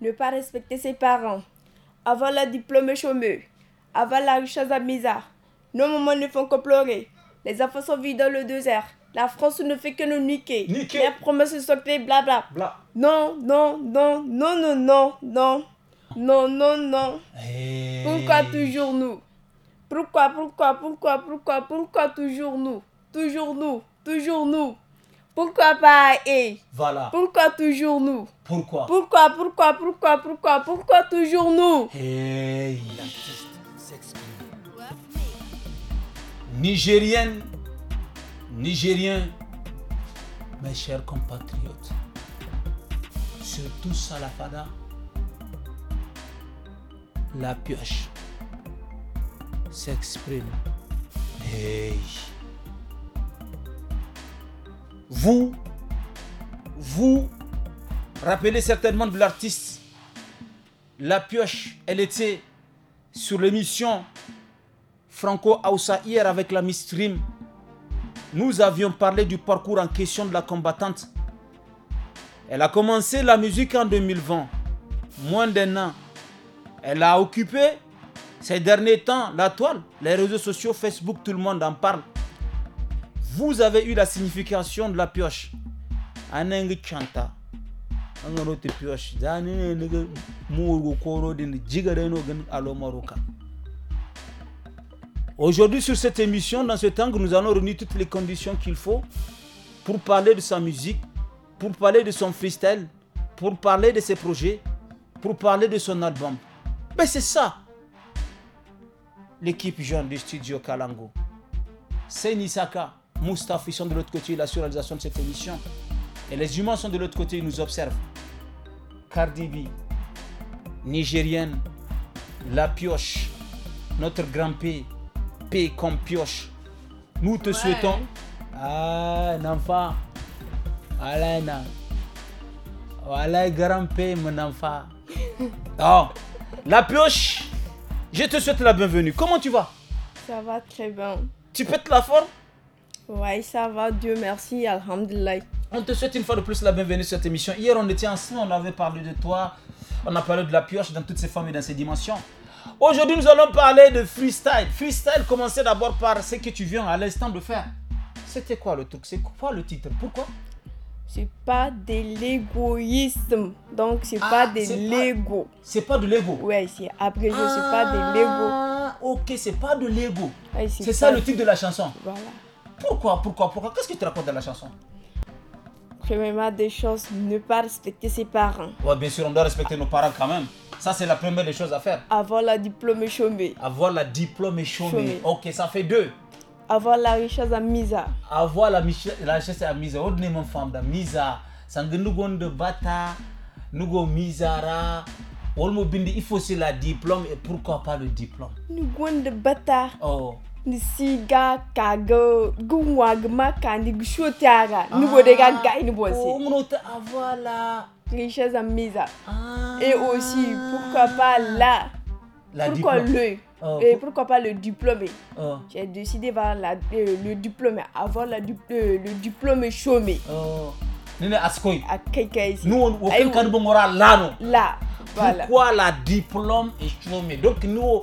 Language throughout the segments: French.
ne pas respecter ses parents, avoir la diplôme chômeux, avoir la richesse à misère. Nos mamans ne font que pleurer. Les enfants sont vides dans le désert. La France ne fait que nous niquer. Les promesses sont faites, blabla. Bla. Non, non, non, non, non, non, non, non, non, non. Eh. Pourquoi toujours nous Pourquoi, pourquoi, pourquoi, pourquoi, pourquoi toujours nous Toujours nous, toujours nous. Pourquoi pas et eh? Voilà. Pourquoi toujours nous Pourquoi Pourquoi, pourquoi, pourquoi, pourquoi, pourquoi toujours nous Hey Nigérienne, Nigérien, mes chers compatriotes, surtout Salafada, la pioche s'exprime. Hey. Vous vous rappelez certainement de l'artiste La Pioche. Elle était sur l'émission Franco Aoussa hier avec la Miss Nous avions parlé du parcours en question de la combattante. Elle a commencé la musique en 2020, moins d'un an. Elle a occupé ces derniers temps la toile, les réseaux sociaux, Facebook, tout le monde en parle vous avez eu la signification de la pioche. chanta. pioche. Aujourd'hui, sur cette émission, dans ce temps nous allons réunir toutes les conditions qu'il faut pour parler de sa musique, pour parler de son freestyle, pour parler de ses projets, pour parler de son album. Mais c'est ça, l'équipe jeune du studio Kalango. C'est Nisaka. Moustapha, ils sont de l'autre côté, la surréalisation de cette émission. Et les humains sont de l'autre côté, ils nous observent. Cardi B, Nigérienne, La Pioche, notre grand P, P comme Pioche. Nous te souhaitons. Ah, n'empa, Voilà, Alaina. Voilà, grand P, mon enfant. Oh, La Pioche, je te souhaite la bienvenue. Comment tu vas Ça va très bien. Tu pètes la forme Ouais, ça va, Dieu merci, Alhamdulillah. On te souhaite une fois de plus la bienvenue sur cette émission. Hier, on était ensemble, on avait parlé de toi, on a parlé de la pioche dans toutes ses formes et dans ses dimensions. Aujourd'hui, nous allons parler de freestyle. Freestyle, commencez d'abord par ce que tu viens à l'instant de faire. C'était quoi le truc C'est quoi le titre Pourquoi c'est pas de l'égoïsme. Donc, c'est pas ah, de l'ego. C'est pas de l'ego. Ouais, c'est Après, je c'est pas de l'ego. Ah, ok, c'est pas de l'ego. c'est ça le titre de la chanson. Voilà. Pourquoi Pourquoi Pourquoi Qu'est-ce que tu racontes dans la chanson Premièrement, des choses, ne pas respecter ses parents. Oui, bien sûr, on doit respecter nos parents quand même. Ça, c'est la première des choses à faire. Avoir la diplôme et chômer. Avoir la diplôme et chômer. Ok, ça fait deux. Avoir la richesse à misa. Avoir la, la richesse à misa. On oh, est mon femme de misa. Sangunugon de bata. go misara. Olmo bindi, il faut aussi la diplôme et pourquoi pas le diplôme. Nous de bata. Oh nisiga kaga guwagma kandi gushotara ah. nubode ga gai nubose oh, voilà richesse admise ah. et aussi pourquoi pas là la pourquoi diplôme. le oh, et pourquoi pas le diplôme oh. j'ai décidé vers la, euh, le diplôme avoir la, euh, le diplôme chômé oh. nene askoy nous on fait quand bon là là voilà. pourquoi la diplôme est chômé donc nous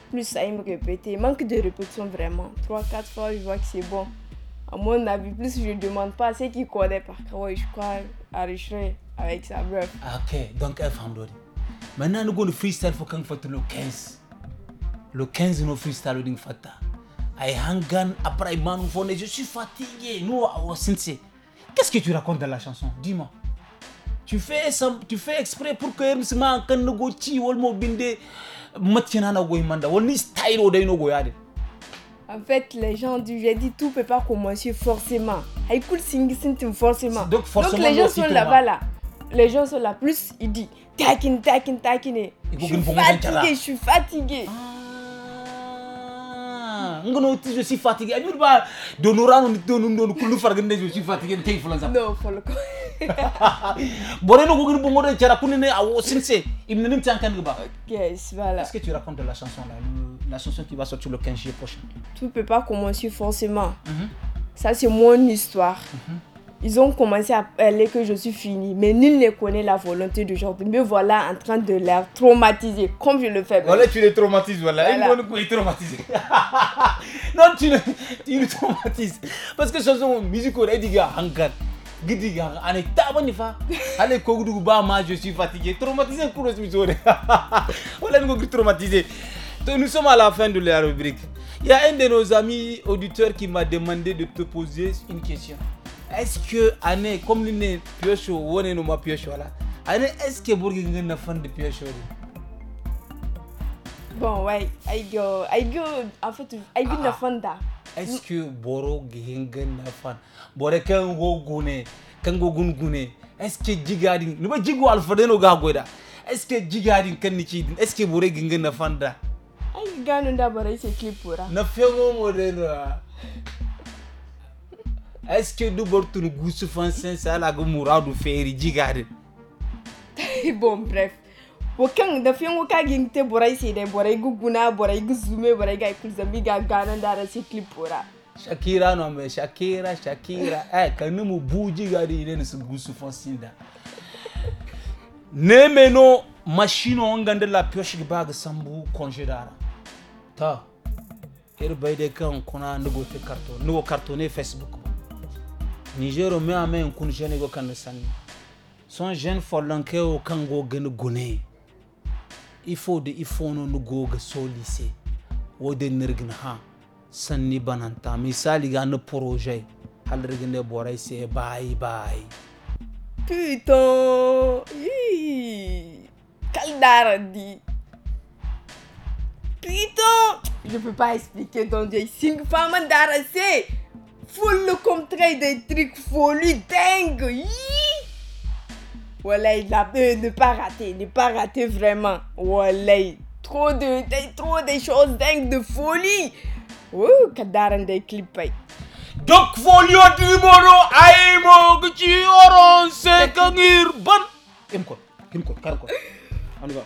Plus ça, il me répétait. Manque de répétition vraiment. Trois, quatre fois, je vois que c'est bon. À mon avis, plus je ne demande pas, à ceux qui par cœur. Ouais, je crois à Richelieu avec sa bref. Ah, ok, donc elle Alhamdoulilah. Maintenant, nous allons freestyle pour qu'on fasse le 15. Le 15, nous freestyle qu'on fata. Aïe hangan, après, man, je suis fatigué. Nous, Qu'est-ce que tu racontes dans la chanson Dis-moi tu fais ça, tu fais exprès pour que ne pas style en fait, les gens du j'ai dit tout peut pas commencer forcément. Haïkul forcément. forcément. Donc les gens sont là-bas là. Les gens sont là. Plus il dit takin takin takin. Je suis fatigué, ah, je suis fatigué. je fatigué. Je suis fatigué. Je suis fatigué. Je suis fatigué. Je Je suis fatigué. Boreno Sinse, Yes, voilà. Est-ce que tu racontes de la chanson là, la chanson qui va sortir le 15 juillet prochain Tout ne peut pas commencer forcément. Mhm. Ça, c'est mon histoire. Mhm. Ils ont commencé à parler que je suis finie, mais nul ne connaît la volonté de Jordan. Mais voilà en train de la traumatiser, comme je le fais. Voilà, tu les traumatises, voilà. voilà. Une bonne traumatisée. non, tu le, tu le traumatises. Parce que chanson musique, elle dit, gars, Allez, tabanifa. Bah, moi je suis fatigué. Traumatisé, Kouros Misore. Voilà, nous sommes traumatisés. nous sommes à la fin de la rubrique. Il y a un de nos amis auditeurs qui m'a demandé de te poser une question. Est-ce que, Anne, comme l'une est pioche, ou on est nommé pioche, voilà. Anne, est-ce que Bourg est une fan de pioche Bon, ouais. Aïe, go, en fait, aïe, une fan d'art est-ce que boro gihingan nafan Boré kan go gune kan go gun gune est-ce que jigadin ni ba jigo alfadeno ga est-ce que jigadin kan ni cidin est-ce que Boré gihingan nafan da ai ganu da bore ce clipura na fengo modeno est-ce que du bortun gusu la sen sala ga muradu feri jigadin bon bref wakan da fin waka gin te borai sai dai borai guguna borai guzume borai ga kulzambi ga ganan da rasi shakira no me shakira shakira eh kanu mu buji gari ne su gusu fonsinda ne no machine on gande la pioche bag sambu congédara ta her bayde kan kuna ndugo te carton nugo cartonné facebook niger me amen kun jene go kan sanni son jeune folanke o kango gen gune ifode ifono nugoga wo wode nergna ha sanni bananta misali ga un projet halirgin Bye, se puto caldara di Putain je peux pas expliquer ton dieu cinq femmes full le contraire des trucs folies voilà, il euh, ne pas rater, ne pas rater vraiment. Voilà, trop de, de trop des choses dingues de folie. Ouh, kadaran des clips. Donc folio de moro, gchi oron se kangir ban. Kim ko, kim On y va.